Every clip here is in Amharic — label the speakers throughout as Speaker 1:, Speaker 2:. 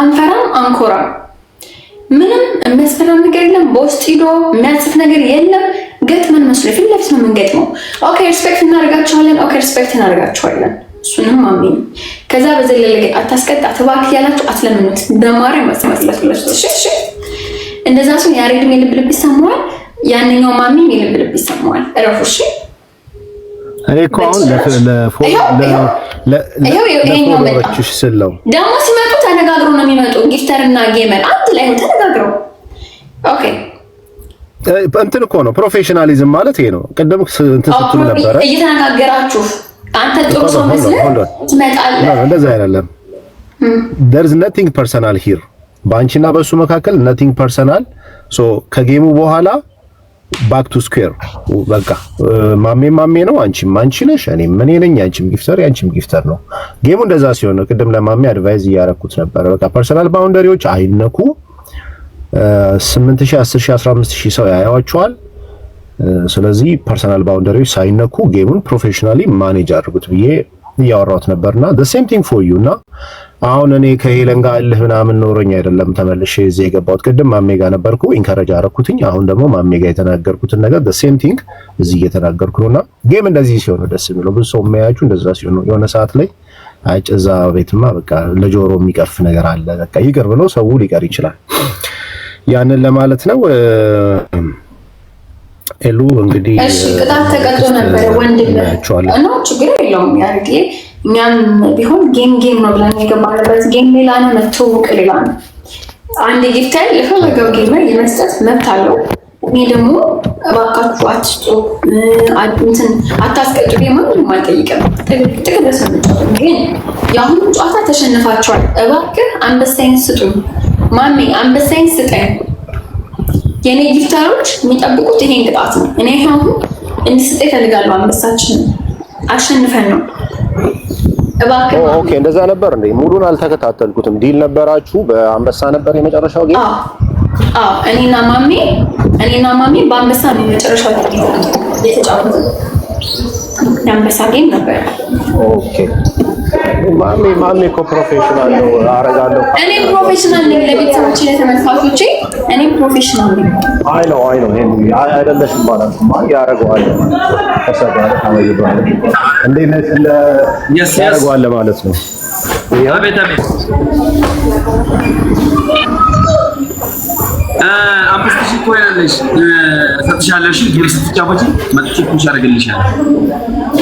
Speaker 1: አንፈራም፣ አንኮራም። ምንም የሚያስፈራ ነገር የለም። በውስጥ ሂዶ የሚያስፍ ነገር የለም። ገጥመን መስሎ ፊት ለፊት ነው የምንገጥመው። ኦኬ ሪስፔክት እናደርጋቸዋለን። ኦኬ ሪስፔክት እናደርጋቸዋለን። እሱንም አሚኝ። ከዛ በዘለለ አታስቀጥ አትባክ ያላችሁ አትለምኑት። በማሪ ማስመስለት እንደዛ ሲሆን ያሬድም የልብ ልብ ይሰማዋል፣ ያንኛው ማሚ የልብ ልብ ይሰማዋል። እረፉ እሺ።
Speaker 2: እኔ እኮ አሁን ለፎሎወሮችሽ
Speaker 1: ተነጋግሮ ነው የሚመጡ። ጊፍተር እና ጌመር አንድ ላይ ተነጋግረው ኦኬ
Speaker 2: እንትን እኮ ነው ፕሮፌሽናሊዝም ማለት ይሄ ነው። ቅድም
Speaker 1: እንትን ስትሉ ነበረ እየተነጋገራችሁ አንተ ጥሩ ሰው መስለህ ትመጣለህ።
Speaker 2: እንደዛ አይደለም። ደርዝ ነቲንግ ፐርሰናል ሂር በአንቺና በእሱ መካከል ነቲንግ ፐርሰናል so ከጌሙ በኋላ ባክ ቱ ስኩዌር በቃ ማሜ ማሜ ነው። አንቺም አንቺ ነሽ፣ እኔም እኔ ነኝ። አንቺም ጊፍተር አንቺም ጊፍተር ነው። ጌሙ እንደዛ ሲሆን ነው። ቅድም ለማሜ አድቫይዝ እያረኩት ነበረ። በቃ ፐርሰናል ባውንደሪዎች አይነኩ። 8000፣ 10000፣ 15000 ሰው ያያዋቸዋል። ስለዚህ ፐርሰናል ባውንደሪዎች ሳይነኩ ጌሙን ፕሮፌሽናሊ ማኔጅ አድርጉት ብዬ እያወራሁት ነበር እና ሴም ቲንግ ፎር ዩ እና አሁን እኔ ከሄለን ጋር እልህ ምናምን ኖረኝ አይደለም ተመልሼ እዚህ የገባሁት። ቅድም ማሜ ጋር ነበርኩ ኢንከረጅ አረኩትኝ። አሁን ደግሞ ማሜ ጋር የተናገርኩትን ነገር ሴም ቲንግ እዚህ እየተናገርኩ ነው እና ጌም እንደዚህ ሲሆን ደስ የሚለው ብዙ ሰው የሚያያችሁ እንደዛ ሲሆኑ የሆነ ሰዓት ላይ አጭዛ ቤትማ በቃ ለጆሮ የሚቀፍ ነገር አለ በቃ ይቅር ብሎ ሰው ሊቀር ይችላል። ያንን ለማለት ነው። ኤሉ እንግዲህ
Speaker 1: ቅጣት ተቀጦ ነበረ። ወንድ ነው ችግር የለውም። ያርጌ እኛም ቢሆን ጌም ጌም ነው ብለን የገባንበት ጌም ሌላ ነው፣ መተዋወቅ ሌላ ነው። አንድ ጌታ የፈለገው ጌመር የመስጠት መብት አለው። እኔ ደግሞ እባካችሁ አትስጡ፣ እንትን አታስቀጡ፣ ማንም አልጠይቅም። ጥቅጥቅ ደስ ግን የአሁኑ ጨዋታ ተሸንፋቸዋል። እባክህ አንበሳይን ስጡ። ማሜ አንበሳይን ስጠኝ የእኔ ጊፍተሮች የሚጠብቁት ይሄን ቅጣት ነው። እኔ አሁን እንድስጥ ይፈልጋሉ። አንበሳችን አሸንፈን ነው።
Speaker 2: ኦኬ። እንደዛ ነበር እንዴ? ሙሉን አልተከታተልኩትም። ዲል ነበራችሁ? በአንበሳ ነበር የመጨረሻው
Speaker 1: ጌም? አዎ፣ እኔና ማሜ እኔና ማሜ በአንበሳ ነው የመጨረሻው ጌም የተጫወተው። የአንበሳ ጌም ነበር።
Speaker 2: ኦኬ ማሜ ማሜ እኮ ፕሮፌሽናል ነው አረጋለሁ።
Speaker 1: እኔ ፕሮፌሽናል ነኝ። ለቤተሰቦቼ ለተመልካቾቼ እኔ ፕሮፌሽናል ነኝ።
Speaker 2: አይ ነው አይ ነው አይደለሽም ማለት ነው። ያደርገዋል ማለት ነው። አምስት ሺህ እኮ ሰጥሻለሽ። ግብር ስትጫወቺ መጥቼ ኩሽ ያደርግልሻል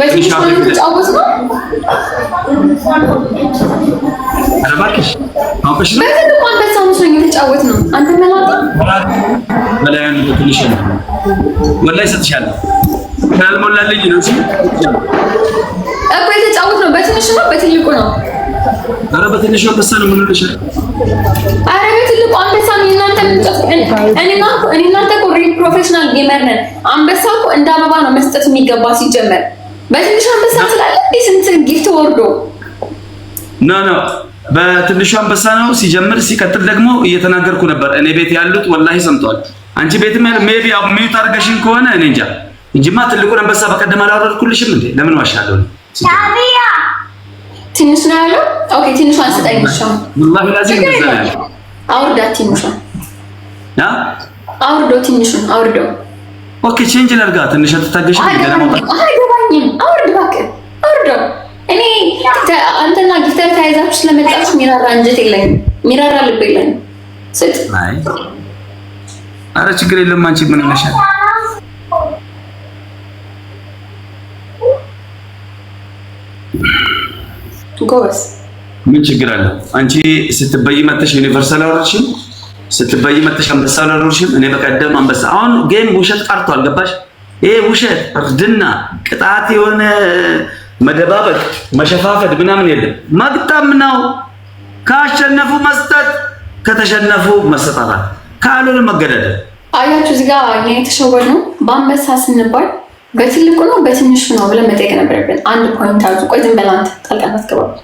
Speaker 1: በትንሽ ነው የምትጫወት ነው።
Speaker 2: አረባክሽ አውቀሽ ነው
Speaker 1: በትልቁ አንበሳ መስሎኝ የተጫወት ነው። አንተ መላጣ
Speaker 2: በላያን ትንሽ ነው ወላይ ሰጥሻለሁ። ካልሞላልኝ ነው
Speaker 1: እኮ የተጫወት ነው። በትንሽ ነው በትልቁ ነው።
Speaker 2: አረ በትንሽ አንበሳ ነው ምን ልሽ?
Speaker 1: አረ በትልቁ አንበሳ ነው። እናንተ እኔና እኔ እናንተ እኮ ሪል ፕሮፌሽናል ጌመር ነን። አንበሳ እኮ እንደ አበባ ነው መስጠት የሚገባ ሲጀመር በትንሹ አንበሳ ስላለ ስንት ጊፍት ወርዶ
Speaker 2: በትንሹ አንበሳ ነው ሲጀምር። ሲቀጥል ደግሞ እየተናገርኩ ነበር እኔ ቤት ያሉት ወላሂ ሰምተዋል። አንቺ ቤት ሜቢ ሚዩት አድርገሽኝ ከሆነ እኔ እንጃ እንጂማ ትልቁን አንበሳ በቀደም አላወረድኩልሽም እንዴ? ለምን ዋሻለሁ?
Speaker 1: ታዲያ ነው ያለው። ኦኬ ትንሽ አንስጠኝ ነው ላዚም ነው አውርዶ አውርዶ
Speaker 2: ኦኬ ቼንጅ ላድርጋ ትንሽ ተታገሽ።
Speaker 1: አይገባኝም። አውርድ እባክህ አውርድ። እኔ አንተና ጊፍተር ተያይዛችሁ ስለመጣችሁ አንጀት የለኝም፣ ልብ የለኝም። ስጥ።
Speaker 2: ችግር የለም። አንቺ ምን ይመሻል? ጎበስ ምን ችግር አለ? አንቺ ስትበይ መጥተሽ ዩኒቨርሳል አወራችኝ ስትበይ መጥተሽ አንበሳ አላኖርሽም። እኔ በቀደም አንበሳ አሁን ጌም ውሸት ቀርቷል። አልገባሽ። ይሄ ውሸት እርድና ቅጣት የሆነ መደባበቅ፣ መሸፋፈድ ምናምን የለም። መግጠም ነው። ካሸነፉ መስጠት፣ ከተሸነፉ መሰጣጣት፣ ካልሆነ መገዳደል።
Speaker 1: አያችሁ እዚህ ጋር እኛ የተሸወድነው በአንበሳ ስንባል በትልቁ ነው በትንሹ ነው ብለን መጠየቅ ነበረብን። አንድ ፖይንት አዙ ቆይ ዝም በላንት ጣልቃ አትገባም።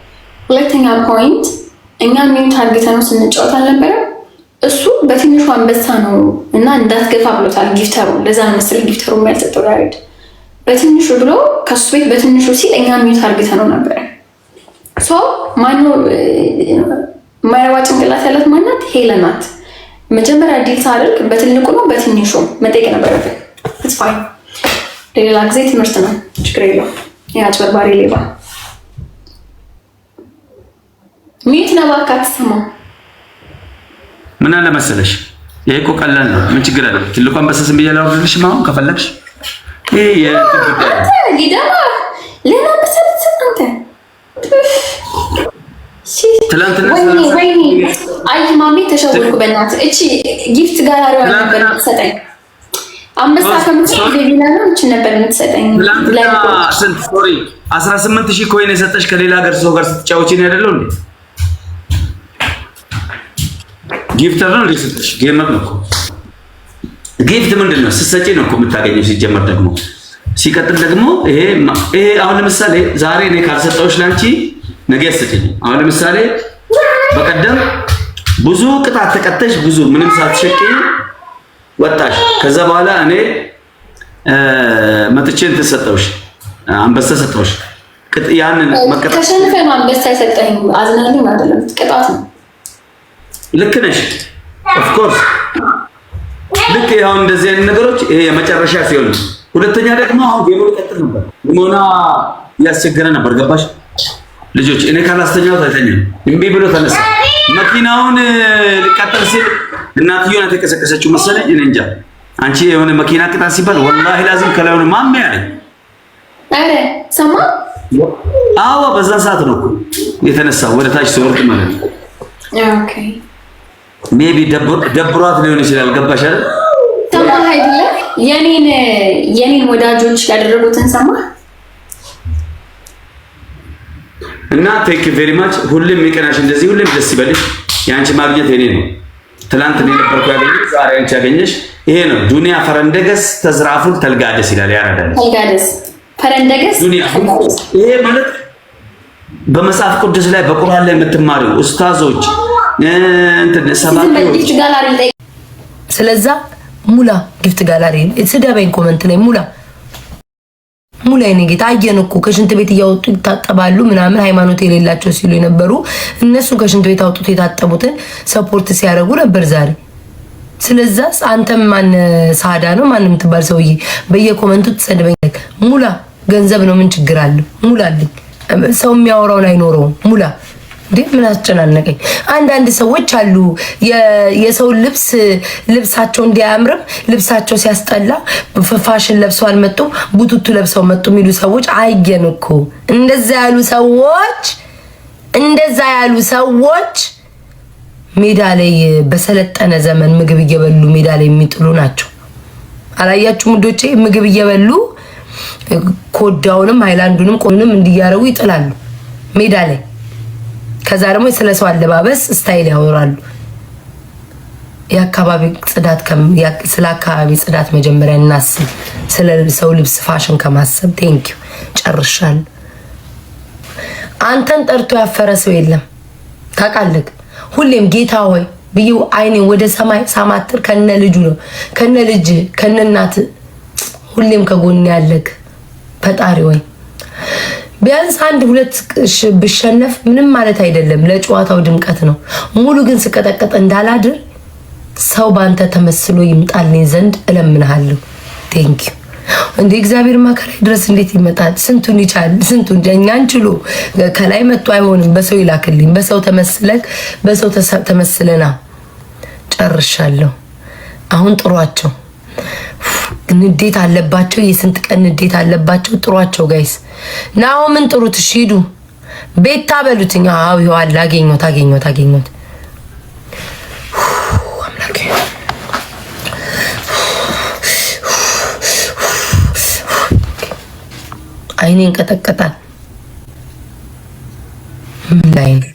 Speaker 1: ሁለተኛ ፖይንት እኛ ምን ታርጌት ነው ስንጫወት አልነበረ በትንሹ አንበሳ ነው እና እንዳትገፋ ብሎታል ጊፍተሩ። ለዛ መስል ጊፍተሩ የሚያልሰጠው ዳዊት በትንሹ ብሎ ከሱ ቤት በትንሹ ሲል እኛ ሚዩት አርግተ ነው ነበረ። ማኑ ማይረባ ጭንቅላት ያላት ማናት? ሄለናት። መጀመሪያ ዲል ሳደርግ በትልቁ ነው በትንሹ መጠየቅ ነበረብን። ስፋይ ለሌላ ጊዜ ትምህርት ነው፣ ችግር የለው። የአጭበርባሪ ሌባ ሚዩት ነባካ ካትሰማ
Speaker 2: ምን አለ መሰለሽ፣ ይሄ እኮ ቀላል ነው። ምን ችግር አለ? ትልቋን በሰስም ብዬ ላወርድልሽ አሁን ከፈለግሽ። ይሄ ትላንትና
Speaker 1: አይ እቺ ጊፍት ጋር ነበር ነው ነበር የምትሰጠኝ።
Speaker 2: ስንት ሶሪ 18 ሺህ ኮይን የሰጠሽ ከሌላ ሀገር ሰው ጋር ስትጫወቺ ነው ያደለው እንዴ? ጊፍተር ነው ሊሰጥሽ ጌመር ነው እኮ ጊፍት ምንድን ነው ስትሰጪ ነው እኮ የምታገኘው ሲጀመር ደግሞ ሲቀጥል ደግሞ ይሄ ይሄ አሁን ለምሳሌ ዛሬ እኔ ካልሰጠሁሽ ላንቺ ነገ ያሰጪኝ አሁን ለምሳሌ በቀደም ብዙ ቅጣት ተቀጠሽ ብዙ ምንም ሳትሸቂ ወጣሽ ከዛ በኋላ እኔ መጥቼ እንትን ሰጠሁሽ አንበሳ ሰጠሁሽ ያንን
Speaker 1: መቀጣት ተሸንፈን አንበሳ የሰጠኝ አዝናልኝ አይደለም ቅጣት ነው
Speaker 2: ልክ ነሽ። ኦፍኮርስ ልክ ይሁን። እንደዚህ አይነት ነገሮች ይሄ የመጨረሻ ሲሆን፣ ሁለተኛ ደግሞ አሁን ጌሙ ሊቀጥል ነበር። ሊሞና እያስቸገረ ነበር። ገባሽ ልጆች፣ እኔ ካላስተኛው ታይተኛ እምቢ ብሎ ተነሳ። መኪናውን ሊቀጥል ሲል እናትዮ ናት የቀሰቀሰችው መሰለኝ። እኔ እንጃ። አንቺ የሆነ መኪና ቅጣት ሲባል ወላሂ ላዚም ከላዩን ማሜ አለኝ።
Speaker 1: አረ ሰማ።
Speaker 2: አዎ በዛ ሰዓት ነው የተነሳው ወደ ታች ሲወርድ ማለት ነው። ኦኬ ሜቢ ደብሯት ሊሆን ይችላል። ገባሽ አይደል?
Speaker 1: ሰማህ አይደለ? የኔን የኔን ወዳጆች ያደረጉትን ሰማህ
Speaker 2: እና ቴንክ ዩ ቬሪ ማች። ሁሌም ይቀናሽ፣ እንደዚህ ሁሌም ደስ ይበልሽ። የአንቺ ማግኘት የኔ ነው። ትላንት ነው ነበርኩ ያገኘሽ፣ ዛሬ አንቺ ያገኘሽ ይሄ ነው። ዱንያ ፈረንደገስ ተዝራፉል ተልጋደስ ይላል ያራዳል።
Speaker 1: ተልጋደስ ፈረንደገስ
Speaker 2: ዱንያ ይሄ ማለት በመጽሐፍ ቅዱስ ላይ በቁርአን ላይ የምትማሪው ኡስታዞች
Speaker 1: ስለዛ ሙላ ጊፍት ጋላሪ ስደበኝ ኮመንት ላይ ሙላ ሙላ የኔ ጌታ አየን እኮ ከሽንት ቤት እያወጡ ይታጠባሉ ምናምን ሃይማኖት የሌላቸው ሲሉ የነበሩ እነሱ ከሽንት ቤት አውጡት የታጠቡትን ሰፖርት ሲያደርጉ ነበር ዛሬ። ስለዛ አንተም ማን ሳዳ ነው ማን የምትባል ሰውዬ በየኮመንቱ ትሰድበኛለህ። ሙላ ገንዘብ ነው ምን ችግር አለው? ሙላልኝ ሰው የሚያወራውን አይኖረውም ሙላ እንዴ ምን አስጨናነቀኝ? አንዳንድ ሰዎች አሉ የሰው ልብስ ልብሳቸው እንዲያምርም ልብሳቸው ሲያስጠላ ፋሽን ለብሰው አልመጡ ቡቱቱ ለብሰው መጡ የሚሉ ሰዎች አየን እኮ። እንደዛ ያሉ ሰዎች እንደዛ ያሉ ሰዎች ሜዳ ላይ በሰለጠነ ዘመን ምግብ እየበሉ ሜዳ ላይ የሚጥሉ ናቸው። አላያችሁም? እንዶቼ ምግብ እየበሉ ኮዳውንም ሃይላንዱንም ቆኑንም እንዲያረጉ ይጥላሉ ሜዳ ላይ ከዛ ደግሞ ስለ ሰው አለባበስ ስታይል ያወራሉ። የአካባቢ ጽዳት ስለ አካባቢ ጽዳት መጀመሪያ እናስብ፣ ስለ ሰው ልብስ ፋሽን ከማሰብ ቴንኪው ጨርሻል። አንተን ጠርቶ ያፈረ ሰው የለም ታውቃለህ። ሁሌም ጌታ ሆይ ብዬ አይኔ ወደ ሰማይ ሳማትር ከነ ልጁ ነው ከነ ልጅ ከነ እናት ሁሌም ከጎን ያለግ ፈጣሪ ወይ ቢያንስ አንድ ሁለት ብሸነፍ ምንም ማለት አይደለም፣ ለጨዋታው ድምቀት ነው። ሙሉ ግን ስቀጠቀጥ እንዳላድር ሰው በአንተ ተመስሎ ይምጣልኝ ዘንድ እለምንሃለሁ። ዩ እንደ እግዚአብሔር ማከራይ ድረስ እንዴት ይመጣል? ስንቱን ይቻል ስንቱን እኛን ችሎ ከላይ መጥቶ አይሆንም። በሰው ይላክልኝ። በሰው ተመስለክ በሰው ተመስለና ጨርሻለሁ። አሁን ጥሯቸው ንዴት አለባቸው። የስንት ቀን ንዴት አለባቸው። ጥሯቸው ጋይስ። ናሆምን ጥሩት። እሺ ሂዱ ቤት ታበሉትኛ። አዎ ይኸዋል። አገኘሁት አገኘሁት አገኘሁት። አይኔን ቀጠቀጣል። ምን ላይ ነው?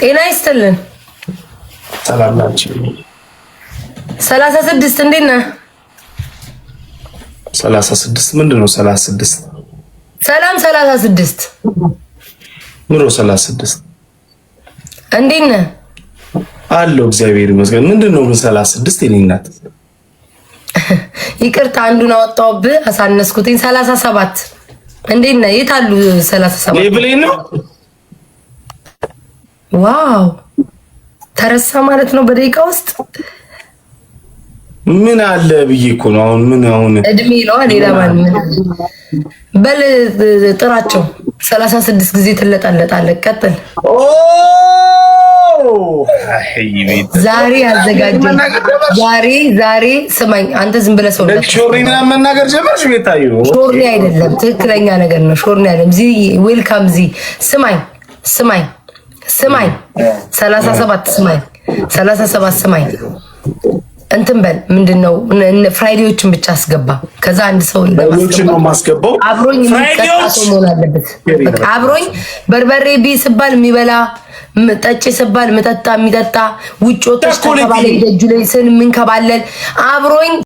Speaker 1: ጤና ይስጥልን።
Speaker 2: ሰላም ናችሁ?
Speaker 1: ሰላሳ ስድስት እንዴት ነህ?
Speaker 2: ሰላሳ ስድስት ምንድን ነው? ሰላሳ ስድስት
Speaker 1: ሰላም ሰላሳ ስድስት
Speaker 2: ምሮ ሰላሳ ስድስት እንዴት ነህ? አለው እግዚአብሔር ይመስገን። ምንድን ነው ግን ሰላሳ ስድስት እናት
Speaker 1: ይቅርታ፣ አንዱን አወጣሁብህ አሳነስኩትኝ። ሰላሳ ሰባት እንዴት ነህ? የት አሉ ሰላሳ
Speaker 2: ሰባት ነው
Speaker 1: ዋው ተረሳ ማለት ነው በደቂቃ ውስጥ
Speaker 2: ምን አለ ብዬ እኮ ነው። አሁን ምን አሁን
Speaker 1: እድሜ ነው ሌላ ማን በል ጥራቸው። ሰላሳ ስድስት ጊዜ ትለጣለጣለህ። ቀጥል። ዛሬ አዘጋጀ። ዛሬ ዛሬ ስማኝ፣ አንተ ዝም ብለህ ሰው
Speaker 2: ሾሪ ምናምን መናገር ጀመርሽ። ቤታዩ
Speaker 1: ሾሪ አይደለም፣ ትክክለኛ ነገር ነው። ሾሪ አይደለም። ዚ ዌልካም ዚ ስማኝ፣ ስማኝ ስማኝ፣ ሰላሳ ሰባት ስማኝ፣ ሰላሳ ሰባት ስማኝ። እንትን በል ምንድን ነው ፍራይዴዎችን ብቻ አስገባ። ከዛ አንድ ሰው
Speaker 2: ለማስገባው
Speaker 1: አብሮኝ መሆን አለበት። አብሮኝ በርበሬ ቢ ስባል የሚበላ ጠጭ ስባል ምጠጣ የሚጠጣ ውጭ ወጥተሽ ተባለ ደጁ ላይ ስን የምንከባለል አብሮኝ